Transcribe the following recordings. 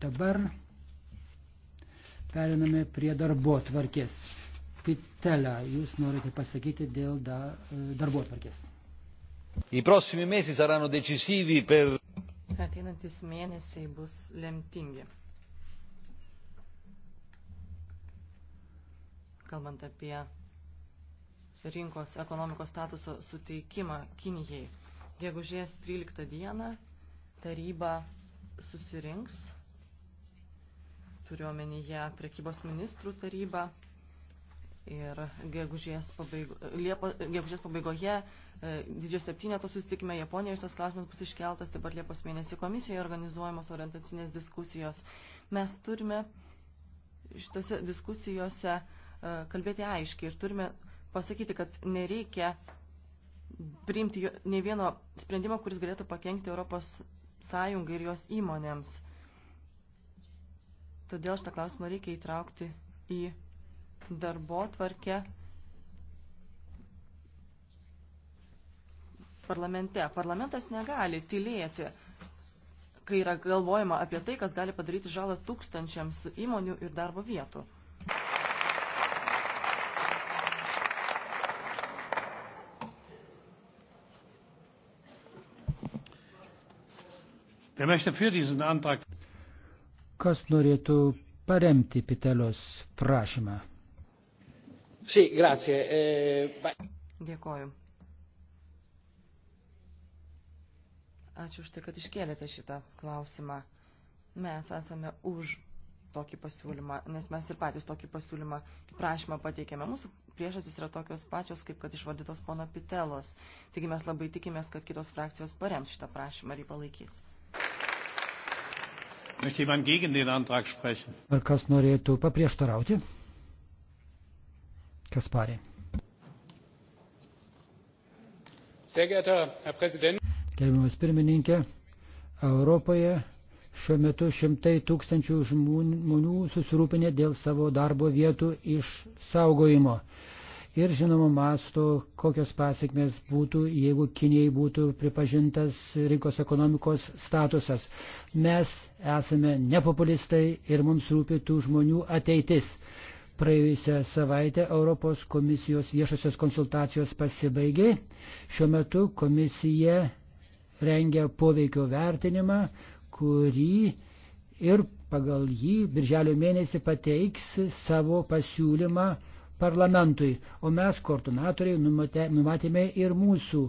Dabar periname prie darbo tvarkės. Pitela, jūs norite pasakyti dėl da, e, darbo tvarkės. I prossimi mesi saranno decisivi per... Ateinantis mėnesiai bus lemtingi. Kalbant apie rinkos ekonomikos statuso suteikimą Kinijai. Gegužės 13 dieną taryba susirinks turiuomenyje prekybos ministrų tarybą ir gegužės, pabaigo, Liepo, gegužės pabaigoje e, didžio septyneto susitikime Japonijoje šitas klausimas bus iškeltas, taip pat Liepos mėnesį komisijoje organizuojamos orientacinės diskusijos. Mes turime šitose diskusijose e, kalbėti aiškiai ir turime pasakyti, kad nereikia priimti ne vieno sprendimo, kuris galėtų pakengti Europos sąjungai ir jos įmonėms. Todėl šitą klausimą reikia įtraukti į darbo tvarkę parlamente. Parlamentas negali tylėti, kai yra galvojama apie tai, kas gali padaryti žalą tūkstančiams įmonių ir darbo vietų. Wer möchte für diesen Antrag Kas norėtų paremti Pitelios prašymą? Sì, si, grazie. E... Dėkoju. Ačiū už tai, kad iškėlėte šitą klausimą. Mes esame už tokį pasiūlymą, nes mes ir patys tokį pasiūlymą prašymą pateikėme. Mūsų priežastys yra tokios pačios, kaip kad išvardytos pono Pitelos. Taigi mes labai tikimės, kad kitos frakcijos parems šitą prašymą ir jį palaikys. Ar kas norėtų paprieštarauti? Kas parė? Gerbiamas pirmininkė, Europoje šiuo metu šimtai tūkstančių žmonių susirūpinė dėl savo darbo vietų išsaugojimo ir žinoma masto, kokios pasiekmes būtų, jeigu Kinijai būtų pripažintas rinkos ekonomikos statusas. Mes esame nepopulistai ir mums rūpi tų žmonių ateitis. Praėjusią savaitę Europos komisijos viešosios konsultacijos pasibaigė. Šiuo metu komisija rengia poveikio vertinimą, kurį ir pagal jį birželio mėnesį pateiks savo pasiūlymą parlamentui, o mes koordinatoriai numatė, numatėme ir mūsų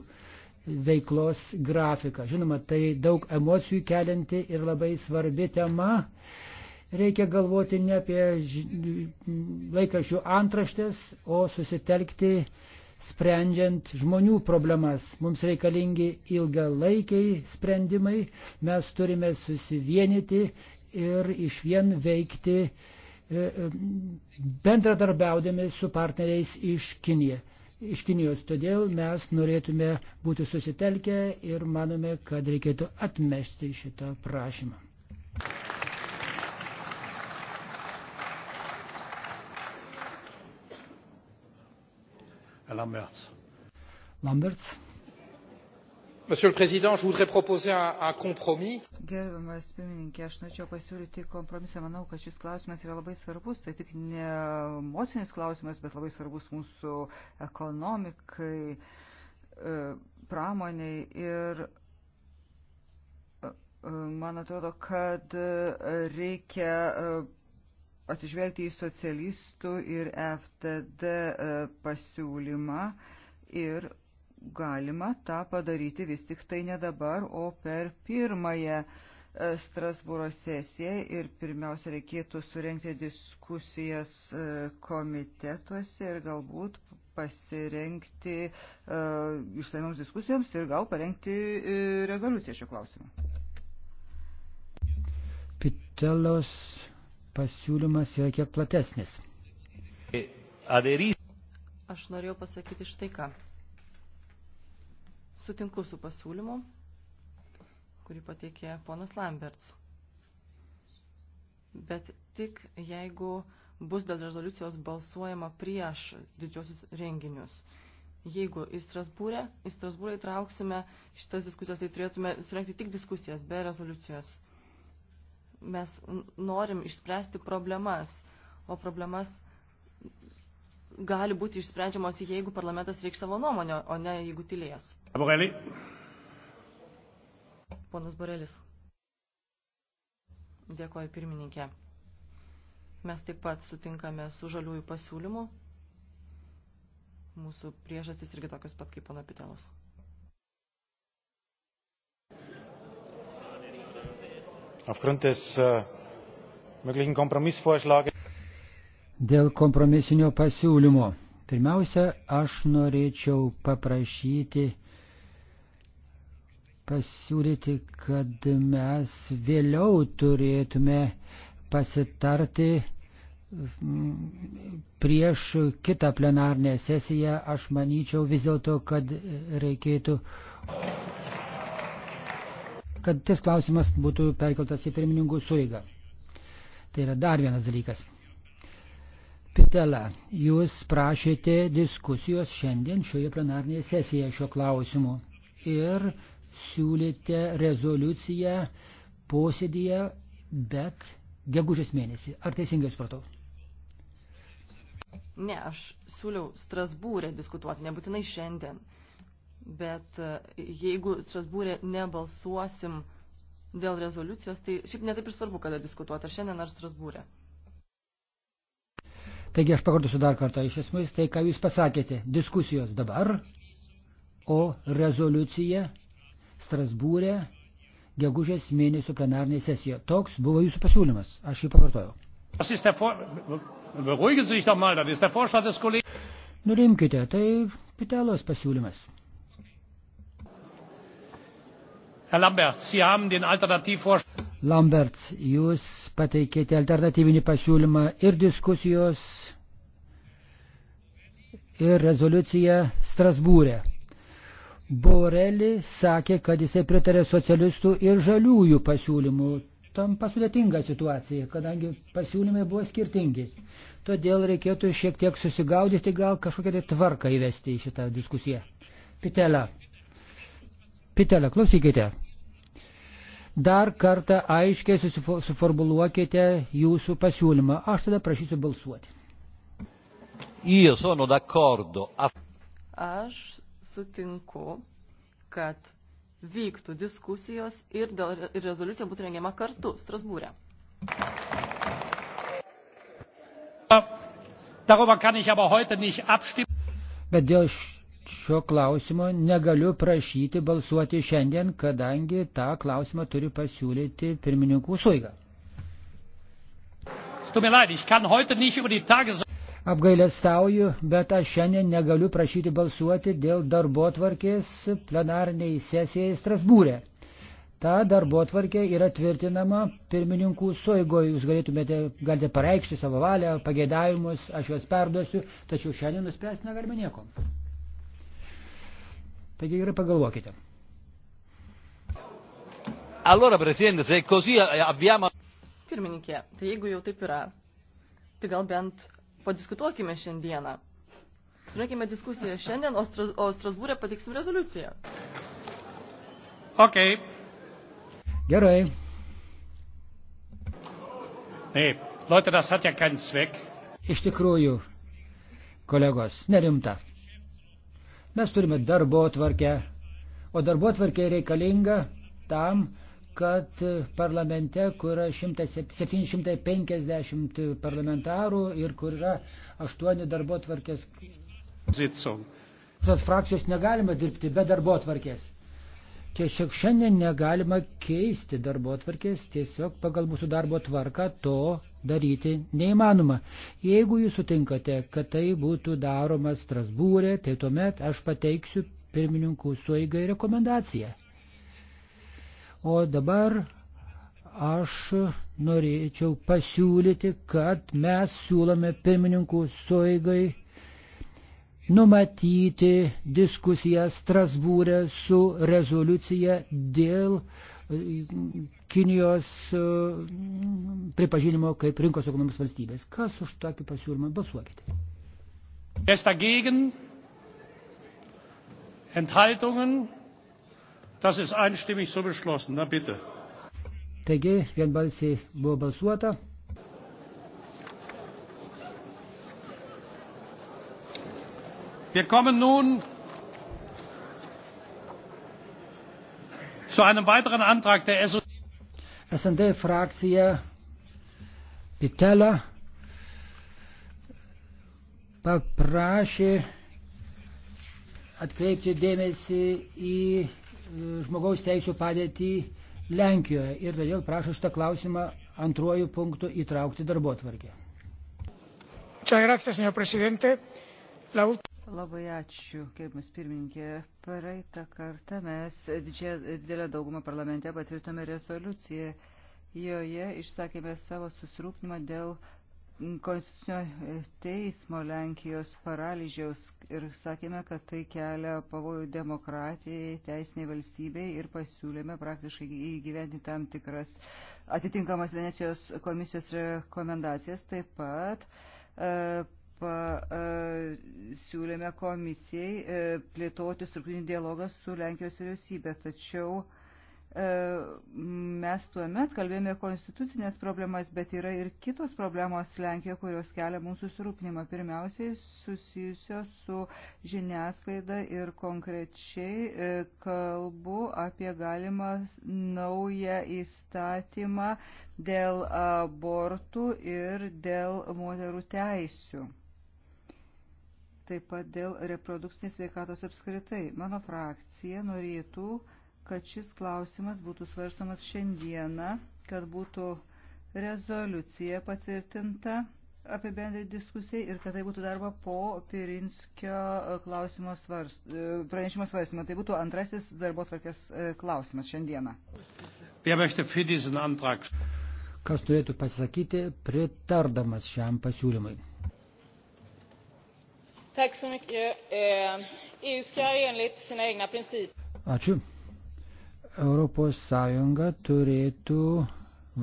veiklos grafiką. Žinoma, tai daug emocijų kelianti ir labai svarbi tema. Reikia galvoti ne apie laikraščių antraštės, o susitelkti sprendžiant žmonių problemas. Mums reikalingi ilgalaikiai sprendimai, mes turime susivienyti ir iš vien veikti uh, E, bendradarbiaudami su partneriais iš Kinijos iš Kinijos. Todėl mes norėtume būti susitelkę ir manome, kad reikėtų atmesti šitą prašymą. Lamberts. Lamberts. Monsieur le Président, je voudrais proposer un, un compromis. Gerbiamas pirmininkė, aš norėčiau pasiūlyti kompromisą. Manau, kad šis klausimas yra labai svarbus. Tai tik ne emocinis klausimas, bet labai svarbus mūsų ekonomikai, e, pramoniai ir e, e, man atrodo, kad reikia atsižvelgti į socialistų ir FTD pasiūlymą ir galima tą padaryti vis tik tai ne dabar, o per pirmąją e, Strasbūro sesiją ir pirmiausia reikėtų surenkti diskusijas e, komitetuose ir galbūt pasirengti uh, e, išsamioms diskusijoms ir gal parengti uh, rezoliuciją šiuo klausimu. Pitelos pasiūlymas yra kiek platesnis. Aš norėjau pasakyti štai ką sutinku su pasiūlymu, kurį pateikė ponas Lamberts. Bet tik jeigu bus dėl rezoliucijos balsuojama prieš didžiosius renginius. Jeigu į Strasbūrę, į Strasbūrę įtrauksime šitas diskusijas, tai turėtume surenkti tik diskusijas be rezoliucijos. Mes norim išspręsti problemas, o problemas gali būti išsprendžiamos, jeigu parlamentas reikš savo nuomonę, o ne jeigu tylės. Borelį. Ponas Borelis. Dėkoju pirmininkė. Mes taip pat sutinkame su žaliųjų pasiūlymu. Mūsų priežastys irgi tokios pat kaip pono Pitelos. aufgrund des äh, möglichen kompromissvorschlags dėl kompromisinio pasiūlymo. Pirmiausia, aš norėčiau paprašyti, pasiūlyti, kad mes vėliau turėtume pasitarti mm, prieš kitą plenarnę sesiją. Aš manyčiau vis dėlto, kad reikėtų kad tas klausimas būtų perkeltas į pirmininkų suigą. Tai yra dar vienas dalykas. Pitela, jūs prašėte diskusijos šiandien šioje plenarnėje sesijoje šio klausimu ir siūlėte rezoliuciją posėdėje, bet gegužės mėnesį. Ar teisingai supratau? Ne, aš siūliau Strasbūrė diskutuoti, nebūtinai šiandien. Bet e, jeigu Strasbūrė nebalsuosim dėl rezoliucijos, tai šiaip netaip ir svarbu, kada diskutuoti, ar šiandien ar Strasbūrė. Taigi aš pakartosiu dar kartą iš esmės tai, ką jūs pasakėte. Diskusijos dabar, o rezoliucija Strasbūrė gegužės mėnesio plenarnėje sesijoje. Toks buvo jūsų pasiūlymas. Aš jį pakartojau. Nurimkite, tai Pitelos pasiūlymas. Herr Lamberts, Sie haben den Alternativvorschlag. Lamberts, jūs pateikėte alternatyvinį pasiūlymą ir diskusijos, ir rezoliuciją Strasbūrė. Borelį sakė, kad jisai pritarė socialistų ir žaliųjų pasiūlymų. Tam pasudėtinga situacija, kadangi pasiūlymai buvo skirtingi. Todėl reikėtų šiek tiek susigaudyti, gal kažkokią tai tvarką įvesti į šitą diskusiją. Pitelė. Pitelė, klausykite dar kartą aiškiai suformuluokite jūsų pasiūlymą. Aš tada prašysiu balsuoti. Aš sutinku, kad vyktų diskusijos ir, dėl, ir rezoliucija būtų rengiama kartu Strasbūrė. Bet dėl šio klausimo negaliu prašyti balsuoti šiandien, kadangi tą klausimą turi pasiūlyti pirmininkų suiga. Apgailestauju, bet aš šiandien negaliu prašyti balsuoti dėl darbo tvarkės plenarniai sesijai Strasbūrė. Ta darbo tvarkė yra tvirtinama pirmininkų suigoje. Jūs galėtumėte, galite pareikšti savo valią, pageidavimus, aš juos perduosiu, tačiau šiandien nuspręsti negalime nieko. Taigi gerai pagalvokite. Allora, Presidente, se così eh, abbiamo... Pirmininkė, tai jeigu jau taip yra, tai gal bent padiskutuokime šiandieną. Surinkime diskusiją šiandien, o, Stras o Strasbūrė patiksim rezoliuciją. Ok. Gerai. Nee, Leute, das hat ja keinen Zweck. Iš tikrųjų, kolegos, nerimta. Mes turime darbo tvarkę, o darbo tvarkė reikalinga tam, kad parlamente, kur yra 750 parlamentarų ir kur yra 8 darbo tvarkės. Tos frakcijos negalima dirbti be darbo tvarkės. Tiesiog šiandien negalima keisti darbo atvarkės, tiesiog pagal mūsų darbo tvarką to daryti neįmanoma. Jeigu jūs sutinkate, kad tai būtų daroma Strasbūrė, tai tuomet aš pateiksiu pirmininkų suigai rekomendaciją. O dabar aš norėčiau pasiūlyti, kad mes siūlome pirmininkų suigai numatyti diskusiją Strasbūrę su rezoliucija dėl e, Kinijos e, pripažinimo kaip rinkos ekonomijos valstybės. Kas už tokį pasiūlymą balsuokite? Wer dagegen? Enthaltungen? Das ist einstimmig so beschlossen. Na bitte. Taigi, vienbalsiai buvo balsuota. wir kommen nun zu einem weiteren antrag der sd frakcija pitela paprašė atkreipti dėmesį į e, žmogaus teisų padėtį Lenkijoje ir todėl prašo šitą klausimą antruoju punktu įtraukti darbo tvarkę. Muchas gracias, señor presidente. La Labai ačiū, gerbimas pirmininkė. Praeitą kartą mes didelę daugumą parlamente patvirtome rezoliuciją. Joje išsakėme savo susirūpinimą dėl konstitucinio teismo Lenkijos paralyžiaus ir sakėme, kad tai kelia pavojų demokratijai, teisiniai valstybei ir pasiūlėme praktiškai įgyventi tam tikras atitinkamas Venecijos komisijos rekomendacijas. Taip pat e, pasiūlėme e, komisijai e, plėtoti struktūrinį dialogą su Lenkijos vyriausybė, tačiau e, mes tuo met kalbėjome konstitucinės problemas, bet yra ir kitos problemos Lenkijoje, kurios kelia mūsų susirūpinimą. Pirmiausiai susijusios su žiniasklaida ir konkrečiai kalbu apie galimą naują įstatymą dėl abortų ir dėl moterų teisių taip pat dėl reprodukcinės veikatos apskritai. Mano frakcija norėtų, kad šis klausimas būtų svarstamas šiandieną, kad būtų rezoliucija patvirtinta apibendrinti diskusijai ir kad tai būtų darba po Pirinskio e, klausimo svarst, e, pranešimo svarstymo. Tai būtų antrasis darbo tvarkės e, klausimas šiandieną. Kas turėtų pasakyti pritardamas šiam pasiūlymui? Tack så mycket. EU eh, e ska enligt sina egna principer. Ačiū. Europos Sąjunga turėtų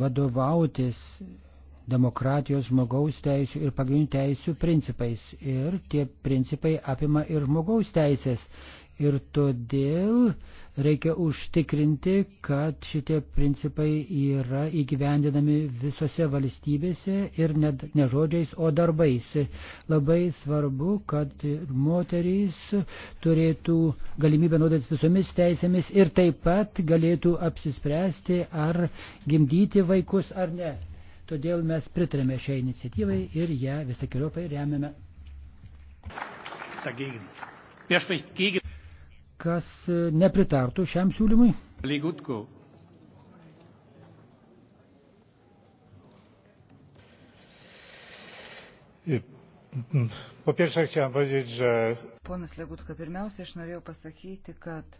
vadovautis demokratijos žmogaus teisų ir pagrindinių teisų principais. Ir tie principai apima ir žmogaus teisės. Ir todėl reikia užtikrinti, kad šitie principai yra įgyvendinami visose valstybėse ir ne, ne žodžiais, o darbais. Labai svarbu, kad moterys turėtų galimybę naudotis visomis teisėmis ir taip pat galėtų apsispręsti, ar gimdyti vaikus ar ne. Todėl mes pritarėme šią iniciatyvai ir ją visokiojopai remiame. Dagegen. Wer spricht gegen? kas nepritartų šiam siūlymui? Lygutku. Po pierwsze chciałem powiedzieć, że... Ponas Legutka, pirmiausia, aš norėjau pasakyti, kad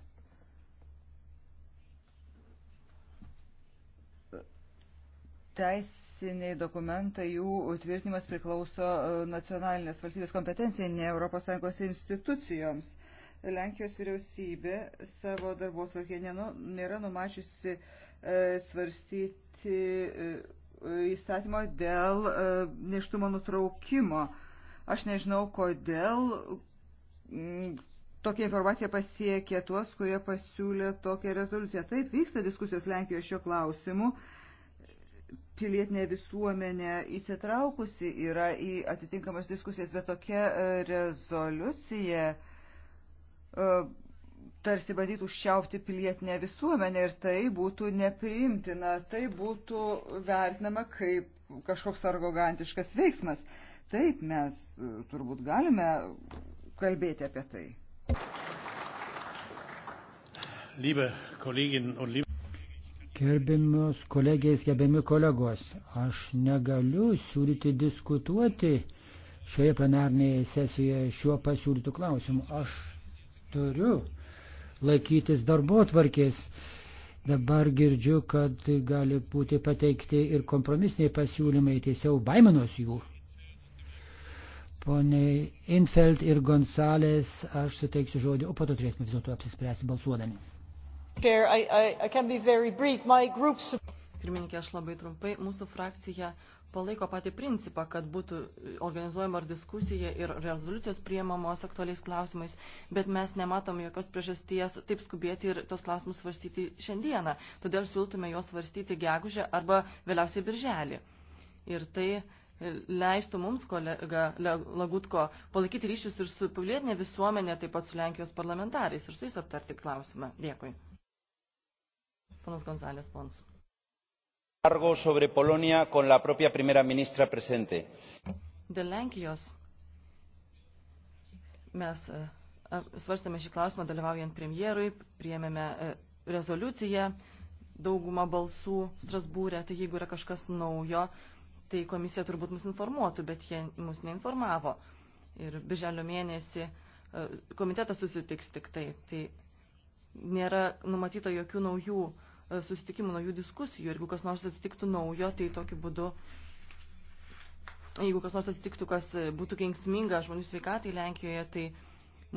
teisiniai dokumentai, jų tvirtinimas priklauso e, nacionalinės valstybės kompetencijai, ne ES institucijoms. Uh, Lenkijos vyriausybė savo darbo tvarkė nėra numačiusi e, svarstyti e, įstatymo dėl e, neštumo nutraukimo. Aš nežinau, kodėl tokia informacija pasiekė tuos, kurie pasiūlė tokią rezoliuciją. Taip vyksta diskusijos Lenkijoje šio klausimu pilietinė visuomenė įsitraukusi yra į atitinkamas diskusijas, bet tokia rezoliucija E, tarsi bandytų užčiaupti pilietinę visuomenę ir tai būtų nepriimtina, tai būtų vertinama kaip kažkoks argogantiškas veiksmas. Taip mes e, turbūt galime kalbėti apie tai. Liebe Kolleginnen und liebe Gerbimus kolegės, gerbiami kolegos, aš negaliu siūlyti diskutuoti šioje plenarnėje sesijoje šiuo pasiūlytų klausimu. Aš turiu laikytis darbo tvarkės. Dabar girdžiu, kad tai gali būti pateikti ir kompromisiniai pasiūlymai, tiesiog baiminos jų. Pone Infeld ir Gonzalės, aš suteiksiu žodį, o po to turėsime vis dėlto apsispręsti balsuodami. Pirmininkė, aš labai trumpai. Mūsų frakcija palaiko patį principą, kad būtų organizuojama ir diskusija ir rezoliucijos priemamos aktualiais klausimais, bet mes nematom jokios priežasties taip skubėti ir tos klausimus svarstyti šiandieną. Todėl siūlytume juos svarstyti gegužę arba vėliausiai birželį. Ir tai leistų mums, kolega Lagutko, palaikyti ryšius ir su pilietinė visuomenė, taip pat su Lenkijos parlamentarais ir su jais aptarti klausimą. Dėkui. Ponas Gonzalės Pons embargo sobre polonia con la propia primera ministra presente. Dėl Lenkijos mes e, svarstėme šį klausimą dalyvaujant premjerui, priėmėme e, rezoliuciją daugumą balsų Strasbūrė, tai jeigu yra kažkas naujo, tai komisija turbūt mus informuotų, bet jie mus neinformavo. Ir birželio mėnesį e, komitetas susitiks tik tai, tai nėra numatyta jokių naujų uh, susitikimų, naujų diskusijų. Ir jeigu kas nors atsitiktų naujo, tai tokiu būdu, jeigu kas nors atsitiktų, kas būtų kengsminga žmonių sveikatai Lenkijoje, tai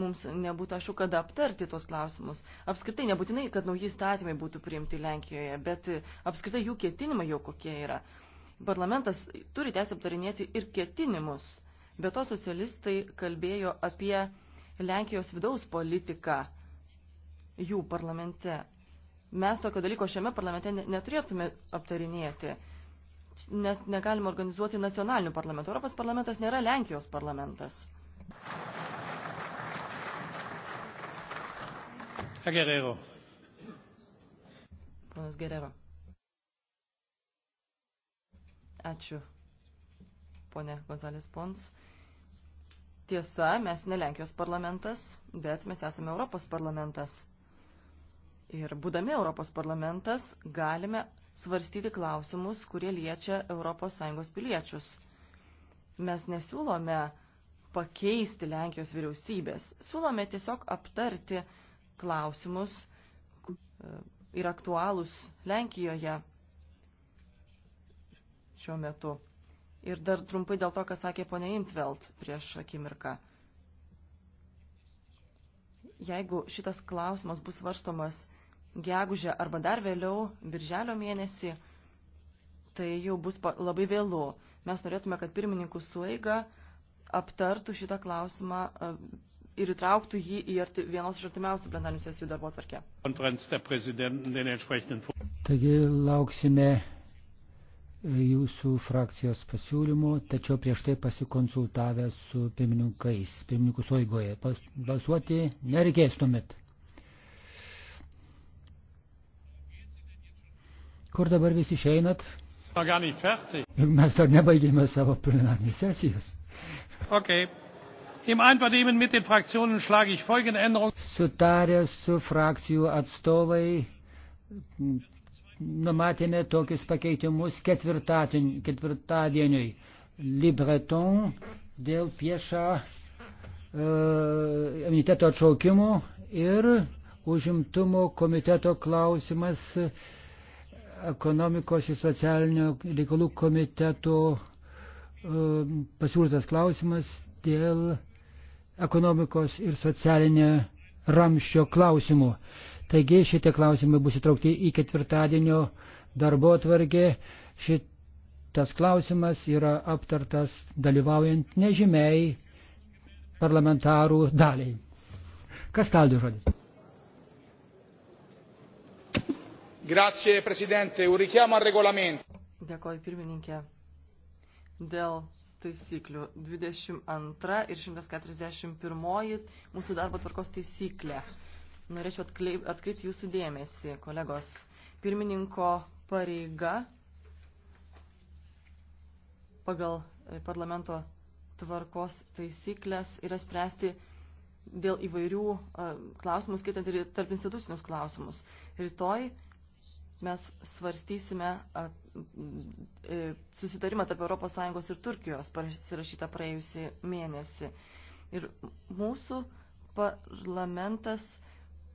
mums nebūtų aišku, kada aptarti tos klausimus. Apskritai, nebūtinai, kad nauji įstatymai būtų priimti Lenkijoje, bet apskritai jų ketinimai jau kokie yra. Parlamentas turi teisę aptarinėti ir ketinimus. Be to, socialistai kalbėjo apie Lenkijos vidaus politiką jų parlamente. Mes tokio dalyko šiame parlamente neturėtume aptarinėti, nes negalime organizuoti nacionalinių parlamentų. Europos parlamentas nėra Lenkijos parlamentas. Herr Guerrero. Ponas Guerrero. Ačiū, ponė Gonzalės Pons. Tiesa, mes ne Lenkijos parlamentas, bet mes esame Europos parlamentas. Ir būdami Europos parlamentas galime svarstyti klausimus, kurie liečia ES piliečius. Mes nesiūlome pakeisti Lenkijos vyriausybės. Siūlome tiesiog aptarti klausimus e, ir aktualūs Lenkijoje šiuo metu. Ir dar trumpai dėl to, ką sakė ponia Intveld prieš akimirką. Jeigu šitas klausimas bus svarstomas gegužę arba dar vėliau, birželio mėnesį, tai jau bus labai vėlu. Mes norėtume, kad pirmininkų suiga aptartų šitą klausimą e, ir įtrauktų jį į vienos iš artimiausių plenarinių sesijų darbo atvarkę. Taigi lauksime e, jūsų frakcijos pasiūlymų, tačiau prieš tai pasikonsultavę su pirmininkais, pirmininkų soigoje. Balsuoti nereikės tuomet. Kur dabar visi išeinat? Juk mes dar nebaigėme savo plenarnės sesijos. Okay. Im Einvernehmen mit den Fraktionen schlage ich folgende Änderung. Sutarę su frakcijų atstovai mm, numatėme tokius pakeitimus ketvirtadieniui. Libreton dėl piešą e, imuniteto atšaukimų ir užimtumo komiteto klausimas. E, ekonomikos ir socialinio reikalų komiteto e, pasiūlytas klausimas dėl ekonomikos ir socialinio ramščio klausimų. Taigi šitie klausimai bus įtraukti į ketvirtadienio darbo atvargę. Šitas klausimas yra aptartas dalyvaujant nežymiai parlamentarų daliai. Kas taldė žodis? Grazie, prezidente. Un richiamo al regolamento. Dėkoju, pirmininkė. Dėl taisyklių 22 ir 141 mūsų darbo tvarkos taisyklė. Norėčiau atkreipti jūsų dėmesį, kolegos. Pirmininko pareiga pagal e, parlamento tvarkos taisyklės yra spręsti dėl įvairių e, klausimų, skaitant ir tarp institucinius klausimus. Rytoj mes svarstysime e, susitarimą tarp ES ir Turkijos pasirašytą praėjusį mėnesį. Ir mūsų parlamentas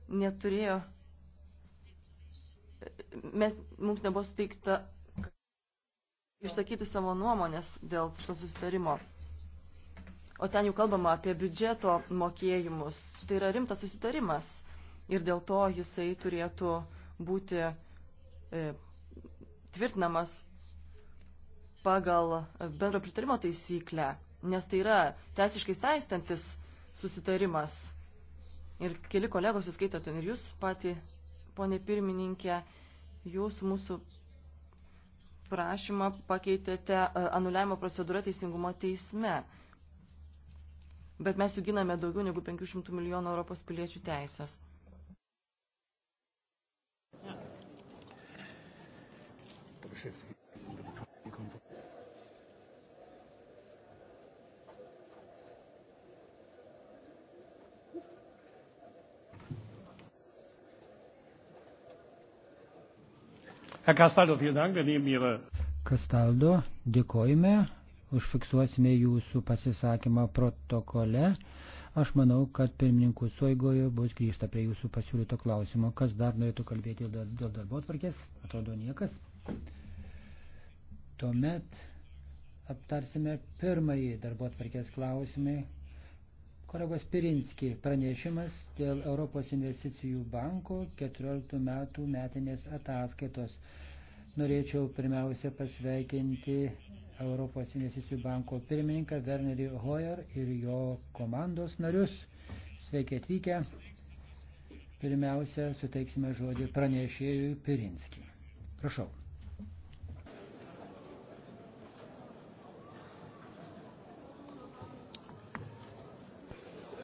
neturėjo, mes, mums nebuvo suteikta išsakyti savo nuomonės dėl to susitarimo. O ten jau kalbama apie biudžeto mokėjimus. Tai yra rimtas susitarimas ir dėl to jisai turėtų būti E, tvirtinamas pagal bendro pritarimo taisyklę, nes tai yra teisiškai saistantis susitarimas. Ir keli kolegos, jūs skaitot ir jūs pati, ponė pirmininkė, jūs mūsų prašymą pakeitėte e, anuliavimo procedūrą teisingumo teisme. Bet mes jų giname daugiau negu 500 milijonų Europos piliečių teisės. beschäftigen. Herr Castaldo, vielen Dank. Wir nehmen Ihre. Castaldo, dėkojame. Užfiksuosime jūsų pasisakymą protokole. Aš manau, kad pirmininkų suigoje bus grįžta prie jūsų pasiūlyto klausimo. Kas dar norėtų kalbėti dėl darbo tvarkės? Atrodo niekas. Tuomet aptarsime pirmąjį darbo atvarkės klausimą. Kolegos Pirinski pranešimas dėl Europos investicijų banko 14 metų metinės ataskaitos. Norėčiau pirmiausia pasveikinti Europos investicijų banko pirmininką Wernerį Hoyer ir jo komandos narius. Sveiki atvykę. Pirmiausia, suteiksime žodį pranešėjui Pirinski. Prašau.